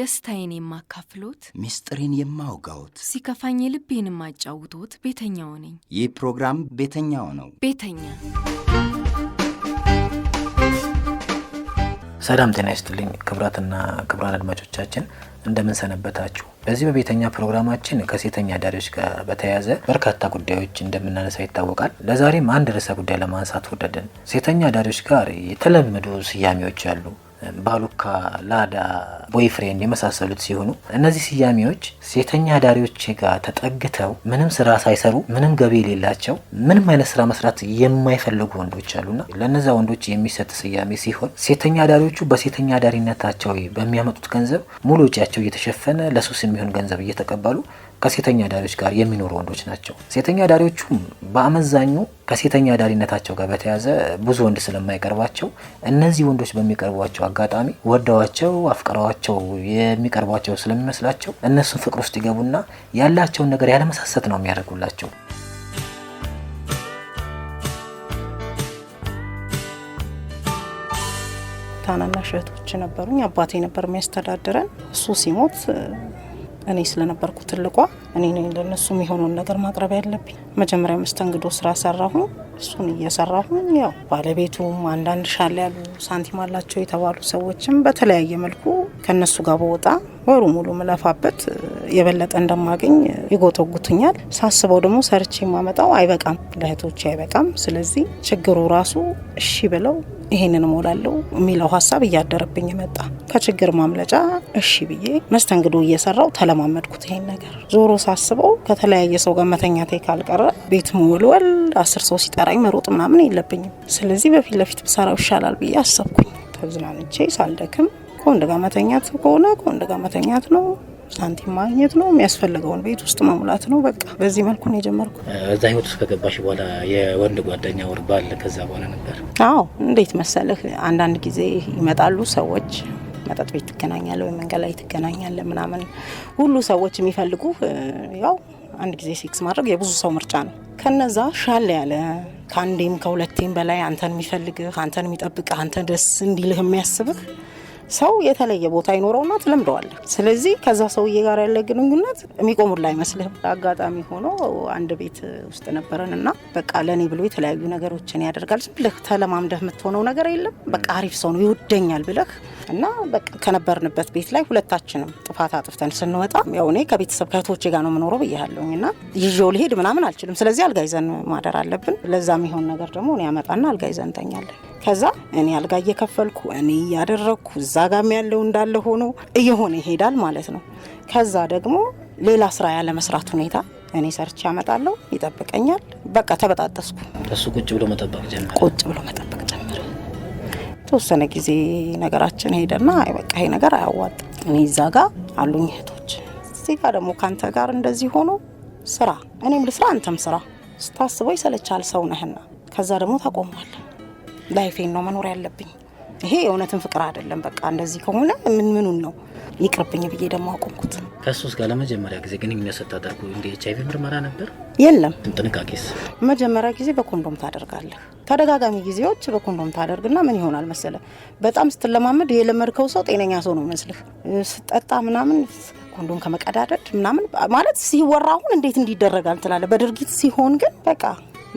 ደስታዬን የማካፍሎት፣ ሚስጥሬን የማውጋዎት፣ ሲከፋኝ ልቤን የማጫውቶት ቤተኛው ነኝ። ይህ ፕሮግራም ቤተኛው ነው። ቤተኛ ሰላም ጤና ይስጥልኝ ክብራትና ክብራን አድማጮቻችን እንደምንሰነበታችሁ። በዚህ በቤተኛ ፕሮግራማችን ከሴተኛ አዳሪዎች ጋር በተያያዘ በርካታ ጉዳዮች እንደምናነሳ ይታወቃል። ለዛሬም አንድ ርዕሰ ጉዳይ ለማንሳት ወደድን። ሴተኛ አዳሪዎች ጋር የተለመዱ ስያሜዎች አሉ። ባሉካ፣ ላዳ፣ ቦይፍሬንድ የመሳሰሉት ሲሆኑ እነዚህ ስያሜዎች ሴተኛ አዳሪዎች ጋር ተጠግተው ምንም ስራ ሳይሰሩ ምንም ገቢ የሌላቸው ምንም አይነት ስራ መስራት የማይፈልጉ ወንዶች አሉና ለነዚ ወንዶች የሚሰጥ ስያሜ ሲሆን ሴተኛ አዳሪዎቹ በሴተኛ አዳሪነታቸው በሚያመጡት ገንዘብ ሙሉ ወጪያቸው እየተሸፈነ ለሱስ የሚሆን ገንዘብ እየተቀበሉ ከሴተኛ ዳሪዎች ጋር የሚኖሩ ወንዶች ናቸው። ሴተኛ ዳሪዎቹም በአመዛኙ ከሴተኛ ዳሪነታቸው ጋር በተያያዘ ብዙ ወንድ ስለማይቀርባቸው እነዚህ ወንዶች በሚቀርቧቸው አጋጣሚ ወደዋቸው አፍቅረዋቸው የሚቀርቧቸው ስለሚመስላቸው እነሱን ፍቅር ውስጥ ይገቡና ያላቸውን ነገር ያለመሳሰት ነው የሚያደርጉላቸው። ታናናሽ እህቶች ነበሩኝ። አባቴ ነበር የሚያስተዳድረን። እሱ ሲሞት እኔ ስለነበርኩ ትልቋ እኔ ለነሱ የሚሆነውን ነገር ማቅረብ ያለብኝ። መጀመሪያ መስተንግዶ ስራ ሰራሁ። እሱን እየሰራሁ ያው ባለቤቱም አንዳንድ ሻል ያሉ ሳንቲም አላቸው የተባሉ ሰዎችም በተለያየ መልኩ ከነሱ ጋር በወጣ ወሩ ሙሉ ምለፋበት የበለጠ እንደማገኝ ይጎተጉትኛል። ሳስበው ደግሞ ሰርቼ የማመጣው አይበቃም፣ ለህቶች አይበቃም። ስለዚህ ችግሩ ራሱ እሺ ብለው ይሄንን ሞላለው የሚለው ሀሳብ እያደረብኝ መጣ። ከችግር ማምለጫ እሺ ብዬ መስተንግዶ እየሰራው ተለማመድኩት። ይሄን ነገር ዞሮ ሳስበው ከተለያየ ሰው ጋር መተኛቴ ካልቀረ ቤት መወልወል፣ አስር ሰው ሲጠራኝ መሮጥ ምናምን የለብኝም። ስለዚህ በፊት ለፊት ብሰራው ይሻላል ብዬ አሰብኩኝ። ተዝናንቼ ሳልደክም ከወንድ ጋር መተኛት ከሆነ ከወንድ ጋር መተኛት ነው ሳንቲም ማግኘት ነው የሚያስፈልገውን ቤት ውስጥ መሙላት ነው። በቃ በዚህ መልኩ ነው የጀመርኩ። እዛ ህይወት ውስጥ ከገባሽ በኋላ የወንድ ጓደኛ ወር ባለ ከዛ በኋላ ነበር? አዎ እንዴት መሰልህ፣ አንዳንድ ጊዜ ይመጣሉ ሰዎች መጠጥ ቤት ትገናኛለ፣ ወይ መንገድ ላይ ትገናኛለ፣ ምናምን ሁሉ ሰዎች የሚፈልጉ ያው አንድ ጊዜ ሴክስ ማድረግ የብዙ ሰው ምርጫ ነው። ከነዛ ሻል ያለ ከአንዴም ከሁለቴም በላይ አንተን የሚፈልግህ አንተን የሚጠብቅህ አንተ ደስ እንዲልህ የሚያስብህ ሰው የተለየ ቦታ ይኖረውና ትለምደዋለህ። ስለዚህ ከዛ ሰውዬ ጋር ያለ ግንኙነት የሚቆሙላ አይመስልህም። አጋጣሚ ሆኖ አንድ ቤት ውስጥ ነበረን እና በቃ ለእኔ ብሎ የተለያዩ ነገሮችን ያደርጋል። ዝም ብለህ ተለማምደህ የምትሆነው ነገር የለም። በቃ አሪፍ ሰው ነው ይወደኛል ብለህ እና በቃ ከነበርንበት ቤት ላይ ሁለታችንም ጥፋት አጥፍተን ስንወጣ ያው እኔ ከቤተሰብ ከእህቶቼ ጋር ነው የምኖረው ብያለሁኝ እና ይዤው ልሄድ ምናምን አልችልም። ስለዚህ አልጋ ይዘን ማደር አለብን። ለዛ የሚሆን ነገር ደግሞ እኔ ያመጣና አልጋ ይዘን እንተኛለን። ከዛ እኔ አልጋ እየከፈልኩ እኔ እያደረግኩ እዛ ጋም ያለው እንዳለ ሆኖ እየሆነ ይሄዳል ማለት ነው። ከዛ ደግሞ ሌላ ስራ ያለመስራት ሁኔታ እኔ ሰርቼ ያመጣለሁ፣ ይጠብቀኛል። በቃ ተበጣጠስኩ። እሱ ቁጭ ብሎ መጠበቅ ጀመረ። ቁጭ ብሎ መጠበቅ ጀመረ። የተወሰነ ጊዜ ነገራችን ሄደና በቃ ይሄ ነገር አያዋጥም። እኔ እዛ ጋ አሉኝ እህቶች፣ እዚህ ደግሞ ከአንተ ጋር እንደዚህ ሆኖ ስራ እኔም ልስራ አንተም ስራ ስታስበው ይሰለቻል ሰው ነህና፣ ከዛ ደግሞ ታቆሟል ላይፌን ነው መኖር ያለብኝ። ይሄ የእውነትን ፍቅር አይደለም። በቃ እንደዚህ ከሆነ ምን ምኑን ነው ይቅርብኝ ብዬ ደግሞ አቆምኩት። ከሱስ ጋር ለመጀመሪያ ጊዜ ግንኙነት ስታደርጉ እንደ ኤች አይቪ ምርመራ ነበር? የለም። ጥንቃቄስ? መጀመሪያ ጊዜ በኮንዶም ታደርጋለህ። ተደጋጋሚ ጊዜዎች በኮንዶም ታደርግና ምን ይሆናል መሰለ፣ በጣም ስትለማመድ የለመድከው ሰው ጤነኛ ሰው ነው ይመስልህ። ስጠጣ ምናምን ኮንዶም ከመቀዳደድ ምናምን ማለት ሲወራ አሁን እንዴት እንዲደረጋል ትላለህ። በድርጊት ሲሆን ግን በቃ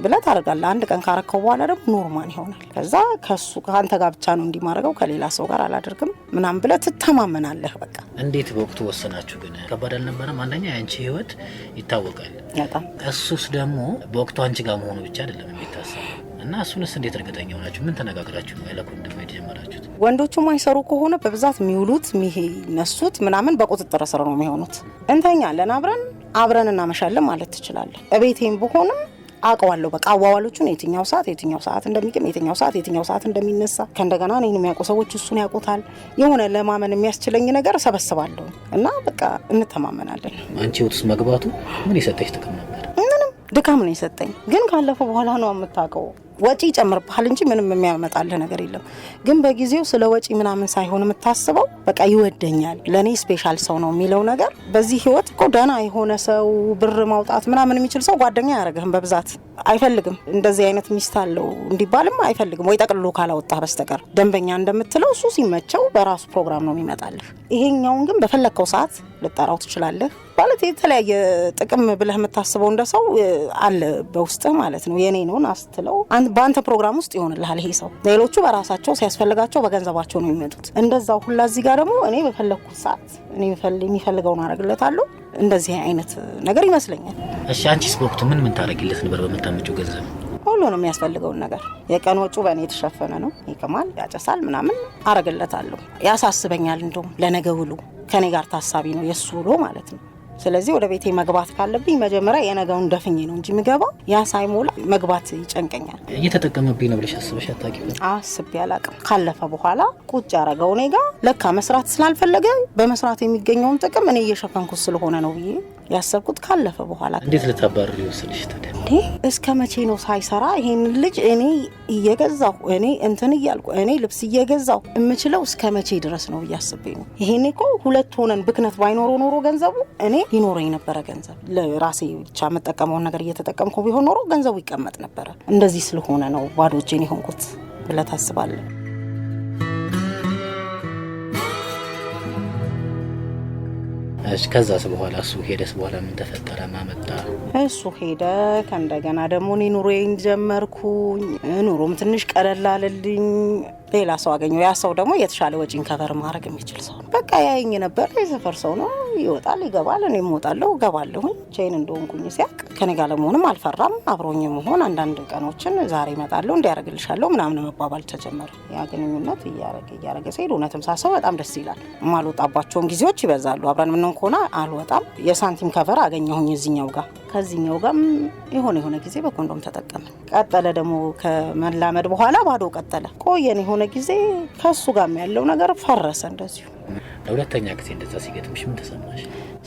ብለ ታደርጋለህ። አንድ ቀን ካረከው በኋላ ደግሞ ኖርማል ይሆናል። ከዛ ከሱ ከአንተ ጋር ብቻ ነው እንዲማረገው ከሌላ ሰው ጋር አላደርግም ምናም ብለ ትተማመናለህ። በቃ እንዴት በወቅቱ ወሰናችሁ? ግን ከባድ አልነበረም? አንደኛ የአንቺ ህይወት ይታወቃል በጣም እሱስ ደግሞ በወቅቱ አንቺ ጋር መሆኑ ብቻ አይደለም የሚታሰብ እና እሱንስ እንዴት እርግጠኛ ሆናችሁ ምን ተነጋግራችሁ ነው ያለ የጀመራችሁት? ወንዶቹ ማይሰሩ ከሆነ በብዛት የሚውሉት የሚነሱት ምናምን በቁጥጥር ስር ነው የሚሆኑት። እንተኛለን አብረን አብረን እናመሻለን ማለት ትችላለን። እቤቴም ብሆንም አውቀዋለሁ። በቃ አዋዋሎቹን የትኛው ሰዓት የትኛው ሰዓት እንደሚቅም የትኛው ሰዓት የትኛው ሰዓት እንደሚነሳ ከእንደገና እኔን የሚያውቁ ሰዎች እሱን ያውቁታል። የሆነ ለማመን የሚያስችለኝ ነገር ሰበስባለሁ እና በቃ እንተማመናለን። አንቺ ህይወት ውስጥ መግባቱ ምን የሰጠች ጥቅም ነው? ድካም ነው የሰጠኝ። ግን ካለፈው በኋላ ነው የምታውቀው። ወጪ ይጨምርብሃል እንጂ ምንም የሚያመጣልህ ነገር የለም። ግን በጊዜው ስለ ወጪ ምናምን ሳይሆን የምታስበው በቃ ይወደኛል፣ ለእኔ ስፔሻል ሰው ነው የሚለው ነገር። በዚህ ህይወት እኮ ደህና የሆነ ሰው ብር ማውጣት ምናምን የሚችል ሰው ጓደኛ አያደርግህም። በብዛት አይፈልግም። እንደዚህ አይነት ሚስት አለው እንዲባልም አይፈልግም፣ ወይ ጠቅልሎ ካላወጣ በስተቀር ደንበኛ እንደምትለው እሱ ሲመቸው በራሱ ፕሮግራም ነው የሚመጣልህ። ይሄኛውን ግን በፈለግከው ሰዓት ልጠራው ትችላለህ። ማለት የተለያየ ጥቅም ብለህ የምታስበው እንደ ሰው አለ በውስጥህ ማለት ነው። የኔ ነውን አስትለው በአንተ ፕሮግራም ውስጥ ይሆንልሃል ይሄ ሰው። ሌሎቹ በራሳቸው ሲያስፈልጋቸው በገንዘባቸው ነው የሚመጡት። እንደዛው ሁላ እዚህ ጋር ደግሞ እኔ በፈለግኩት ሰዓት እኔ የሚፈልገውን አደርግለታለሁ። እንደዚህ አይነት ነገር ይመስለኛል። እሺ አንቺስ በወቅቱ ምን ምን ታደርጊለት ነበር በምታመጪው ገንዘብ? ሁሉ ነው የሚያስፈልገውን ነገር የቀን ወጩ በእኔ የተሸፈነ ነው። ይቅማል፣ ያጨሳል፣ ምናምን አረግለታለሁ። ያሳስበኛል፣ እንደውም ለነገ ውሉ ከኔ ጋር ታሳቢ ነው የእሱ ውሎ ማለት ነው። ስለዚህ ወደ ቤቴ መግባት ካለብኝ መጀመሪያ የነገውን ደፍኜ ነው እንጂ የሚገባው ያ ሳይሞላ መግባት ይጨንቀኛል። እየተጠቀመብኝ ነው ብለሽ አስበሽ አታውቂም? አስቤ አላቅም። ካለፈ በኋላ ቁጭ ያረገው እኔ ጋ ለካ መስራት ስላልፈለገ በመስራት የሚገኘውን ጥቅም እኔ እየሸፈንኩ ስለሆነ ነው ብዬ ያሰብኩት ካለፈ በኋላ እንዴት ልታባር ይወስንሽ እንዴ እስከ መቼ ነው ሳይሰራ ይሄን ልጅ እኔ እየገዛሁ እኔ እንትን እያልኩ እኔ ልብስ እየገዛሁ የምችለው እስከ መቼ ድረስ ነው ብዬ ነው። ይሄኔ እኮ ሁለት ሆነን ብክነት ባይኖረው ኖሮ ገንዘቡ እኔ ይኖረ ነበረ ገንዘብ ለራሴ ብቻ የምጠቀመውን ነገር እየተጠቀምኩ ቢሆን ኖሮ ገንዘቡ ይቀመጥ ነበረ። እንደዚህ ስለሆነ ነው ባዶ እጄን የሆንኩት ብለህ ታስባለህ? እሺ ከዛስ በኋላ እሱ ሄደስ በኋላ ምን ተፈጠረ? ማመጣ እሱ ሄደ። ከእንደገና ደግሞ እኔ ኑሮዬን ጀመርኩኝ። ኑሮም ትንሽ ቀለል አለልኝ። ሌላ ሰው አገኘው። ያ ሰው ደግሞ የተሻለ ወጪን ከበር ማድረግ የሚችል ሰው ነው። በቃ ያየኝ ነበር። የሰፈር ሰው ነው። ይወጣል፣ ይገባል። እኔ እወጣለሁ፣ እገባለሁኝ። ቼን እንደሆንኩኝ ሲያውቅ ከኔ ጋር ለመሆንም አልፈራም። አብሮኝ መሆን አንዳንድ ቀኖችን ዛሬ እመጣለሁ፣ እንዲያደርግልሻለሁ ምናምን መባባል ተጀመረ። ያ ግንኙነት እያረገ እያረገ ሲሄድ እውነትም ሳሰው በጣም ደስ ይላል። የማልወጣባቸውም ጊዜዎች ይበዛሉ። አብረን ምንንኩ ሆነ አልወጣም። የሳንቲም ከቨር አገኘሁኝ እዚኛው ጋር ከዚኛው ጋር የሆነ የሆነ ጊዜ በኮንዶም ተጠቀመ። ቀጠለ ደግሞ ከመላመድ በኋላ ባዶ ቀጠለ። ቆየን የሆነ ጊዜ ከሱ ጋም ያለው ነገር ፈረሰ። እንደዚሁ ለሁለተኛ ጊዜ እንደዛ ሲገጥምሽ ምን ተሰማሽ?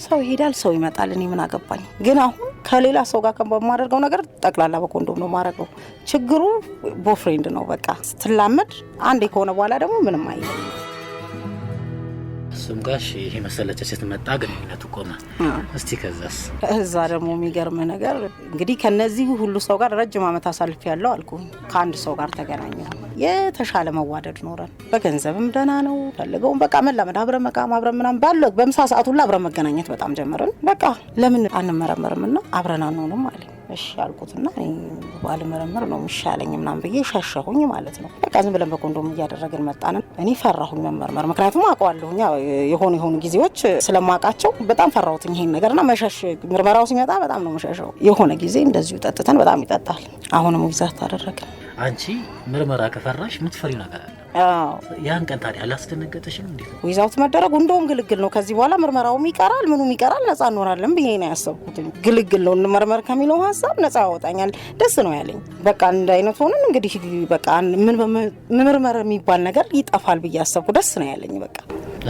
ሰው ይሄዳል፣ ሰው ይመጣል፣ እኔ ምን አገባኝ። ግን አሁን ከሌላ ሰው ጋር በማደርገው ነገር ጠቅላላ በኮንዶም ነው ማድረገው። ችግሩ ቦፍሬንድ ነው በቃ ስትላመድ አንዴ ከሆነ በኋላ ደግሞ ምንም አይ እሱም ጋሽ ይሄ መሰለቻ ሴት ስትመጣ ግንኙነቱ ቆመ። እስቲ ከዛስ? እዛ ደግሞ የሚገርም ነገር እንግዲህ ከነዚህ ሁሉ ሰው ጋር ረጅም ዓመት አሳልፍ ያለው አልኩ። ከአንድ ሰው ጋር ተገናኘ፣ የተሻለ መዋደድ ኖረን፣ በገንዘብም ደህና ነው ፈልገውም በቃ መላመድ አብረ መቃም አብረ ምናም ባለ በምሳ ሰዓት ሁሉ አብረ መገናኘት በጣም ጀመርን። በቃ ለምን አንመረመርም ና አብረን አንሆንም አለኝ። እሺ አልኩትና ባልመረምር ነው የሚሻለኝ ምናምን ብዬ ሸሸሁኝ ማለት ነው። በቃ ዝም ብለን በኮንዶም እያደረግን መጣን። እኔ ፈራሁኝ መመርመር፣ ምክንያቱም አውቀዋለሁኛ የሆኑ የሆኑ ጊዜዎች ስለማውቃቸው በጣም ፈራሁትኝ ይሄን ነገርና መሸሽ። ምርመራው ሲመጣ በጣም ነው መሸሸው። የሆነ ጊዜ እንደዚሁ ጠጥተን በጣም ይጠጣል። አሁንም ይዛት አደረግን። አንቺ ምርመራ ከፈራሽ ምትፈሪው ነገር አለ ያን ቀን ታዲያ አላስደነገጠሽም? እንዴት ነው ይዛውት መደረጉ? እንደውም ግልግል ነው። ከዚህ በኋላ ምርመራውም ይቀራል፣ ምኑም ይቀራል። ነጻ እንሆናለን ብዬ ነው ያሰብኩት። ግልግል ነው። እንመርመር ከሚለው ሀሳብ ነጻ ያወጣኛል። ደስ ነው ያለኝ። በቃ እንደ አይነት ሆነን እንግዲህ በቃ ምርመር የሚባል ነገር ይጠፋል ብዬ ያሰብኩ። ደስ ነው ያለኝ። በቃ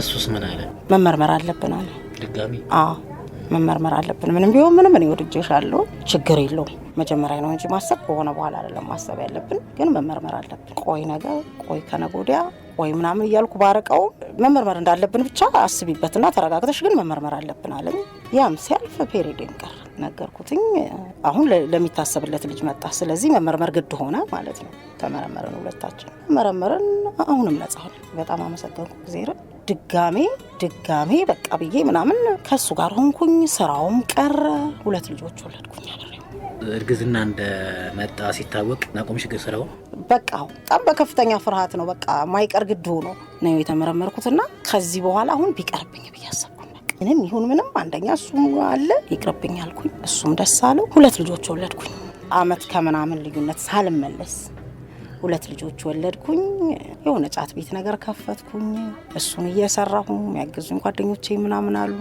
እሱስ ምን አለ? መመርመር አለብን አለ ድጋሚ። አዎ መመርመር አለብን። ምንም ቢሆን ምንም እኔ ወድጄሻለሁ፣ ችግር የለውም። መጀመሪያ ነው እንጂ ማሰብ ከሆነ በኋላ አይደለም ማሰብ ያለብን፣ ግን መመርመር አለብን። ቆይ ነገ፣ ቆይ ከነገ ወዲያ፣ ቆይ ምናምን እያልኩ ባረቀው መመርመር እንዳለብን ብቻ አስቢበትና ተረጋግተሽ ግን መመርመር አለብን አለኝ። ያም ሲያልፍ ፔሬዴን ቀረ። ነገርኩትኝ። አሁን ለሚታሰብለት ልጅ መጣ። ስለዚህ መመርመር ግድ ሆነ ማለት ነው። ተመረመረን፣ ሁለታችን መረመረን። አሁንም ነጻ ሆነ። በጣም አመሰገንኩ ጊዜ ድጋሜ ድጋሜ በቃ ብዬ ምናምን ከእሱ ጋር ሆንኩኝ። ስራውም ቀረ። ሁለት ልጆች ወለድኩኝ። አለ እርግዝና እንደመጣ ሲታወቅ ናቆምሽ ግን ስራው በቃ በጣም በከፍተኛ ፍርሃት ነው። በቃ ማይቀር ግድ ሆኖ ነው የተመረመርኩትና ከዚህ በኋላ አሁን ቢቀርብኝ ብያሰብ ምንም ይሁን ምንም አንደኛ እሱም አለ ይቅርብኝ አልኩኝ። እሱም ደስ አለው። ሁለት ልጆች ወለድኩኝ። አመት ከምናምን ልዩነት ሳልመለስ ሁለት ልጆች ወለድኩኝ። የሆነ ጫት ቤት ነገር ከፈትኩኝ። እሱን እየሰራሁ ያገዙኝ ጓደኞቼ ምናምን አሉ።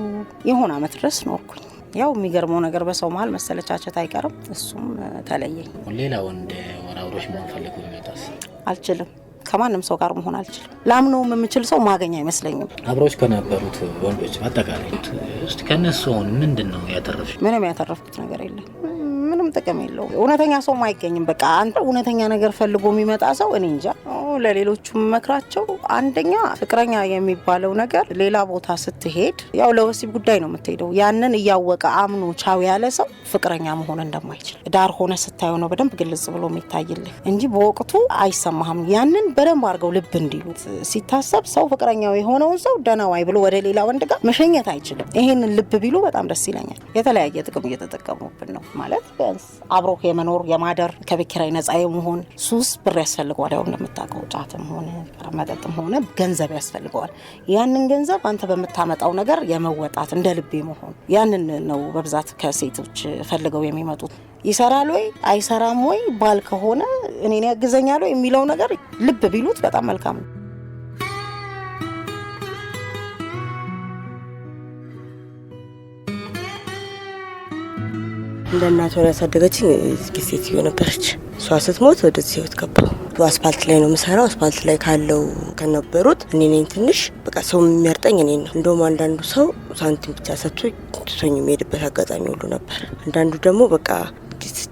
የሆነ አመት ድረስ ኖርኩኝ። ያው የሚገርመው ነገር በሰው መሀል መሰለቻቸት አይቀርም። እሱም ተለየኝ። ሌላ ወንድ ወራውሮች መሆን ሁኔታስ አልችልም ከማንም ሰው ጋር መሆን አልችልም። ላምነውም የምችል ሰው ማገኝ አይመስለኝም። አብሮች ከነበሩት ወንዶች አጠቃላይ እስኪ ከነሱ አሁን ምንድን ነው ያተረፍሽ? ምንም ያተረፍኩት ነገር የለም። ምንም ጥቅም የለውም። እውነተኛ ሰውም አይገኝም። በቃ አንተ እውነተኛ ነገር ፈልጎ የሚመጣ ሰው እኔ እንጃ ለሌሎቹ መክራቸው አንደኛ ፍቅረኛ የሚባለው ነገር ሌላ ቦታ ስትሄድ ያው ለወሲብ ጉዳይ ነው የምትሄደው። ያንን እያወቀ አምኖ ቻው ያለ ሰው ፍቅረኛ መሆን እንደማይችል ዳር ሆነ ስታየው ነው በደንብ ግልጽ ብሎ የሚታይልህ እንጂ በወቅቱ አይሰማህም። ያንን በደንብ አድርገው ልብ እንዲሉ ሲታሰብ ሰው ፍቅረኛው የሆነውን ሰው ደናዋይ ብሎ ወደ ሌላ ወንድ ጋር መሸኘት አይችልም። ይሄንን ልብ ቢሉ በጣም ደስ ይለኛል። የተለያየ ጥቅም እየተጠቀሙብን ነው ማለት ቢያንስ አብሮ የመኖር የማደር ከቤት ኪራይ ነጻ የመሆን ሱስ ብር ያስፈልገዋል ያው እንደምታውቀው ጫትም ሆነ መጠጥም ሆነ ገንዘብ ያስፈልገዋል። ያንን ገንዘብ አንተ በምታመጣው ነገር የመወጣት እንደ ልቤ መሆን ያንን ነው በብዛት ከሴቶች ፈልገው የሚመጡት። ይሰራል ወይ አይሰራም ወይ ባል ከሆነ እኔን ያግዘኛል ወይ የሚለው ነገር ልብ ቢሉት በጣም መልካም ነው። እንደ እናት ሆና ያሳደገችኝ ጊሴት ነበረች። እሷ ስትሞት ወደዚህ ህይወት ገባሁ። አስፓልት ላይ ነው የምሰራው። አስፓልት ላይ ካለው ከነበሩት እኔ ነኝ ትንሽ በቃ ሰው የሚያርጠኝ እኔ ነው። እንደውም አንዳንዱ ሰው ሳንቲም ብቻ ሰጥቶ ትቶኝ የሚሄድበት አጋጣሚ ሁሉ ነበር። አንዳንዱ ደግሞ በቃ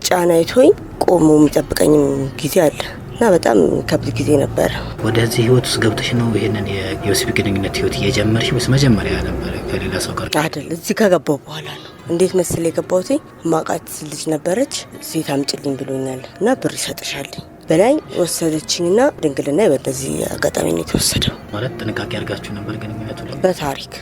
ጫና አይቶኝ ቆሞ የሚጠብቀኝም ጊዜ አለ እና በጣም ከብድ ጊዜ ነበረ። ወደዚህ ህይወት ውስጥ ገብተሽ ነው ይህንን የወሲብ ግንኙነት ህይወት እየጀመርሽ ወይስ መጀመሪያ ነበረ ከሌላ ሰው ጋር? አይደል እዚህ ከገባው በኋላ ነው እንዴት መሰል የገባሁት ማቃት ልጅ ነበረች። ሴት አምጭልኝ ብሎኛል እና ብር ይሰጥሻል በላይ ወሰደችኝና ድንግልና በዚህ አጋጣሚ ነው የተወሰደው። ማለት ጥንቃቄ አድርጋችሁ ነበር ግንኙነቱ በታሪክ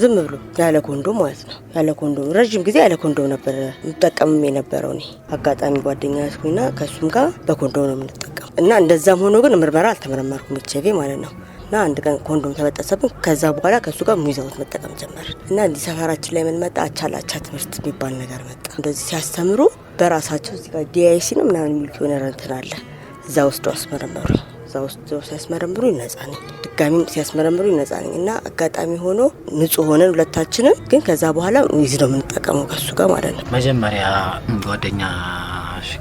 ዝም ብሎ ያለ ኮንዶም ማለት ነው። ያለ ኮንዶም ረዥም ጊዜ ያለ ኮንዶም ነበር የምጠቀምም የነበረው እኔ አጋጣሚ ጓደኛ ያስኩኝና ከእሱም ጋር በኮንዶም ነው የምንጠቀም እና እንደዛም ሆኖ ግን ምርመራ አልተመረመርኩም ኤች አይ ቪ ማለት ነው። እና አንድ ቀን ኮንዶም ተበጠሰብን። ከዛ በኋላ ከእሱ ጋር ሙይዘውት መጠቀም ጀመር እና እንዲህ ሰፈራችን ላይ ምንመጣ አቻላቻ ትምህርት የሚባል ነገር መጣ። እንደዚህ ሲያስተምሩ በራሳቸው እዚህ ጋር ዲአይሲ ነው ምናምን የሚሉት የሆነ እንትን አለ። እዛ ውስጡ አስመረመሩ እዛ ውስጥ ሲያስመረምሩ ይነጻ ነኝ ድጋሚም ሲያስመረምሩ ይነጻ ነኝ እና አጋጣሚ ሆኖ ንጹህ ሆነን ሁለታችንም ግን ከዛ በኋላ ይዝ ነው የምንጠቀመው ከሱ ጋር ማለት ነው መጀመሪያ ጓደኛ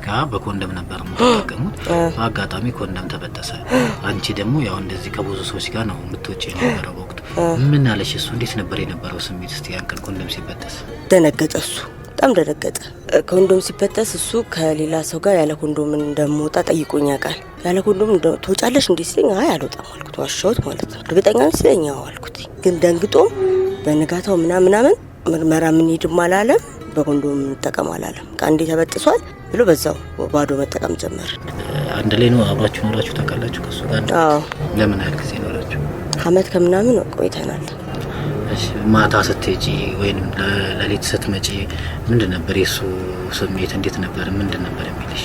ጋ በኮንደም ነበር የምትጠቀሙት። በአጋጣሚ ኮንደም ተበጠሰ። አንቺ ደግሞ ያው እንደዚህ ከብዙ ሰዎች ጋር ነው የምትወጪ የነበረው በወቅቱ። ምን አለሽ? እሱ እንዴት ነበር የነበረው ስሜት? እስቲ ያን ቀን ኮንደም ሲበጠስ ደነገጠ። እሱ በጣም ደነገጠ። ኮንዶም ሲበጠስ እሱ ከሌላ ሰው ጋር ያለ ኮንዶም እንደምወጣ ጠይቆኝ ያውቃል። ያለ ኮንዶም ትወጫለሽ እንዴ ሲለኝ አይ አልወጣም አልኩት። ዋሻሁት ማለት ነው። እርግጠኛ ነሽ ሲለኝ አዎ አልኩት። ግን ደንግጦ በንጋታው ምናምናምን ምርመራ ሄድም አላለም በኮንዶም እንጠቀም አላለም። ከአንዴ ተበጥሷል ብሎ በዛው ባዶ መጠቀም ጀመር። አንድ ላይ ነው አብራችሁ ኖራችሁ ታውቃላችሁ? ከሱ ጋር ለምን ያህል ጊዜ ኖራችሁ? አመት ከምናምን ቆይተናል። ማታ ስትሄጂ ወይም ለሌት ስትመጪ ምንድን ነበር የእሱ ስሜት? እንዴት ነበር? ምንድን ነበር የሚልሽ?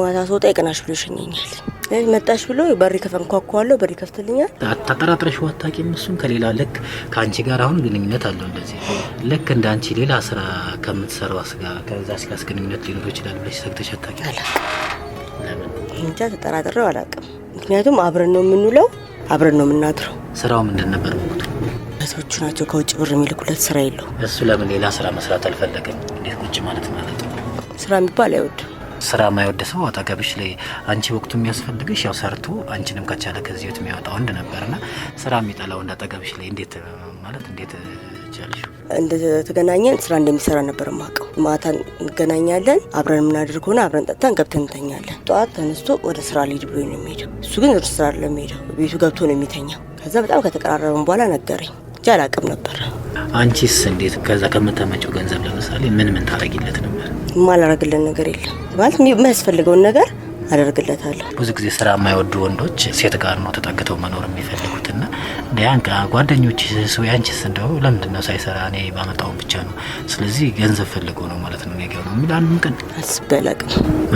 ማታ ሰውጣ ይቅናሽ ብሎ ይሸኘኛል። መጣሽ ብሎ በሪ ከፈን ኳኳለሁ። በሪ ከፍትልኛል። ተጠራጥረሽ ዋታቂ ምሱም ከሌላ ልክ ከአንቺ ጋር አሁን ግንኙነት አለው እንደዚህ ልክ እንደ አንቺ ሌላ ስራ ከምትሰራው ስጋ ከዛች ጋር ግንኙነት ሊኖር ይችላል ብለሽ ሰግተሽ አታቂ? እንጃ ተጠራጥረው አላውቅም። ምክንያቱም አብረን ነው የምንውለው፣ አብረን ነው የምናድረው። ስራው ምንድን ነበር? ሰዎቹ ናቸው ከውጭ ብር የሚልኩለት። ስራ የለው እሱ። ለምን ሌላ ስራ መስራት አልፈለገም? እንዴት ቁጭ ማለት ማለት ነው። ስራ የሚባል አይወድም ስራ ማይወደሰው ሰው አጠገብሽ ላይ አንቺ ወቅቱ የሚያስፈልግሽ ያው ሰርቶ አንቺንም ከቻለ ከዚህ ቤት የሚያወጣ ወንድ ነበርና ስራ የሚጠላው እንደ አጠገብሽ ላይ እንዴት ማለት እንዴት ቻልሽ? እንደተገናኘን ስራ እንደሚሰራ ነበር ማቀው። ማታ እንገናኛለን አብረን የምናደርግ ሆነ አብረን ጠጥተን ገብተን እንተኛለን። ጠዋት ተነስቶ ወደ ስራ ልሂድ ብሎ ነው የሚሄደው። እሱ ግን ስራ ለሚሄደው ቤቱ ገብቶ ነው የሚተኛው። ከዛ በጣም ከተቀራረበን በኋላ ነገረኝ ወስጄ አላቅም ነበር። አንቺስ እንዴት ከዛ ከምታመጪው ገንዘብ ለምሳሌ ምን ምን ታደርጊለት ነበር? የማላደርግለት ነገር የለም ማለት የሚያስፈልገውን ነገር አደርግለታለሁ። ብዙ ጊዜ ስራ የማይወዱ ወንዶች ሴት ጋር ነው ተጠግተው መኖር የሚፈልጉት እና ጓደኞች ሰው ያንቺስ እንደው ለምንድን ነው ሳይሰራ እኔ ባመጣውን ብቻ ነው ስለዚህ ገንዘብ ፈልጎ ነው ማለት ነው ነገ የሚል አንዱም ቀን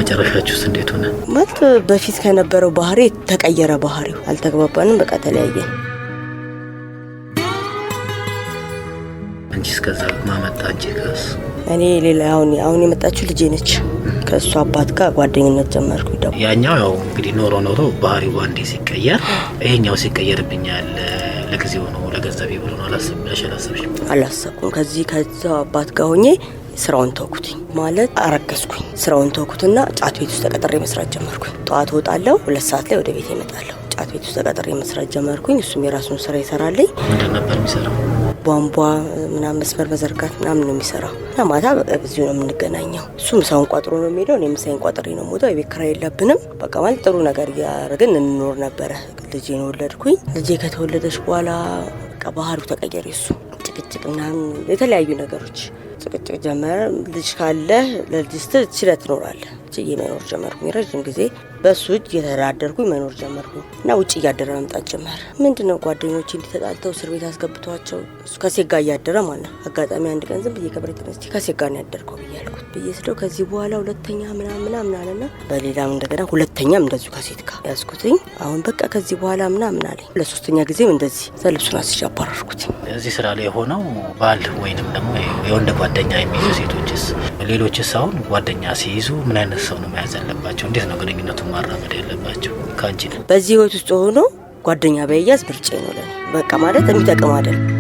መጨረሻችሁስ እንዴት ሆነ? ማለት በፊት ከነበረው ባህሪ ተቀየረ ባህሪው። አልተግባባንም፣ በቃ ተለያየን። አንቺ እስከዛ ማመጣ አንቺ ጋስ እኔ ሌላ አሁን አሁን የመጣችው ልጄ ነች። ከእሱ አባት ጋር ጓደኝነት ጀመርኩ። ደ ያኛው ያው እንግዲህ ኖሮ ኖሮ ባህሪው አንዴ ሲቀየር ይሄኛው ሲቀየርብኛል። ለጊዜው ነው ለገንዘብ ብሎ ነው አላሰብሽ አላሰብሽ አላሰብኩም። ከዚህ ከዛው አባት ጋር ሆኜ ስራውን ተውኩትኝ ማለት አረገዝኩኝ። ስራውን ተውኩትና ጫት ቤት ውስጥ ተቀጥሬ መስራት ጀመርኩኝ። ጠዋት ወጣለሁ፣ ሁለት ሰዓት ላይ ወደ ቤት ይመጣለሁ። ጫት ቤት ውስጥ ተቀጥሬ መስራት ጀመርኩኝ። እሱም የራሱን ስራ ይሰራልኝ። ምንድን ነበር የሚሰራው? ቧንቧ ምናምን መስመር መዘርጋት ምናምን ነው የሚሰራው እና ማታ በቃ በዚሁ ነው የምንገናኘው። እሱም ሰውን ቋጥሮ ነው የሚሄደው፣ እኔም ምሳዬን ቋጥሬ ነው የምወጣው። የቤት ኪራይ የለብንም። በቃ ማለት ጥሩ ነገር እያደረግን እንኖር ነበረ። ልጄን ወለድኩኝ። ልጄ ከተወለደች በኋላ በቃ ባህሪው ተቀየረ። እሱ ጭቅጭቅ ምናምን የተለያዩ ነገሮች ጭቅጭቅ ጀመረ። ልጅ ካለ ለልጅ ስትል ስትችለ ትኖራለ። ችዬ መኖር ጀመርኩኝ። ረዥም ጊዜ በእሱ እጅ የተዳደርኩኝ መኖር ጀመርኩ እና ውጭ እያደረ መምጣት ጀመር። ምንድን ነው ጓደኞች እንዲተጣልተው እስር ቤት አስገብቷቸው እሱ ከሴት ጋር እያደረ ማለት ነው። አጋጣሚ አንድ ቀን ዝም ብዬ ከብሬ ተነስቼ ከሴት ጋር ነው ያደርገው ብያልኩት ብዬ ስደው ከዚህ በኋላ ሁለተኛ ምናምን ምናምን አለና በሌላም እንደገና ሁለተኛም እንደዚሁ ከሴት ጋር ያዝኩትኝ። አሁን በቃ ከዚህ በኋላ ምናምን አለኝ። ለሶስተኛ ጊዜም እንደዚህ እዛ ልብሱን አስቼ አባረርኩት። እዚህ ስራ ላይ የሆነው ባል ወይንም ደግሞ የወንድ ጓደኛ የሚይዙ ሴቶችስ ሌሎችስ አሁን ጓደኛ ሲይዙ ምን አይነት ሰው ነው መያዝ ያለባቸው? እንዴት ነው ግንኙነቱ ማራመድ ያለባቸው ከአንቺ ነው። በዚህ ህይወት ውስጥ ሆኖ ጓደኛ በያዝ ምርጫ ይኖለን በቃ ማለት የሚጠቅም አይደለም።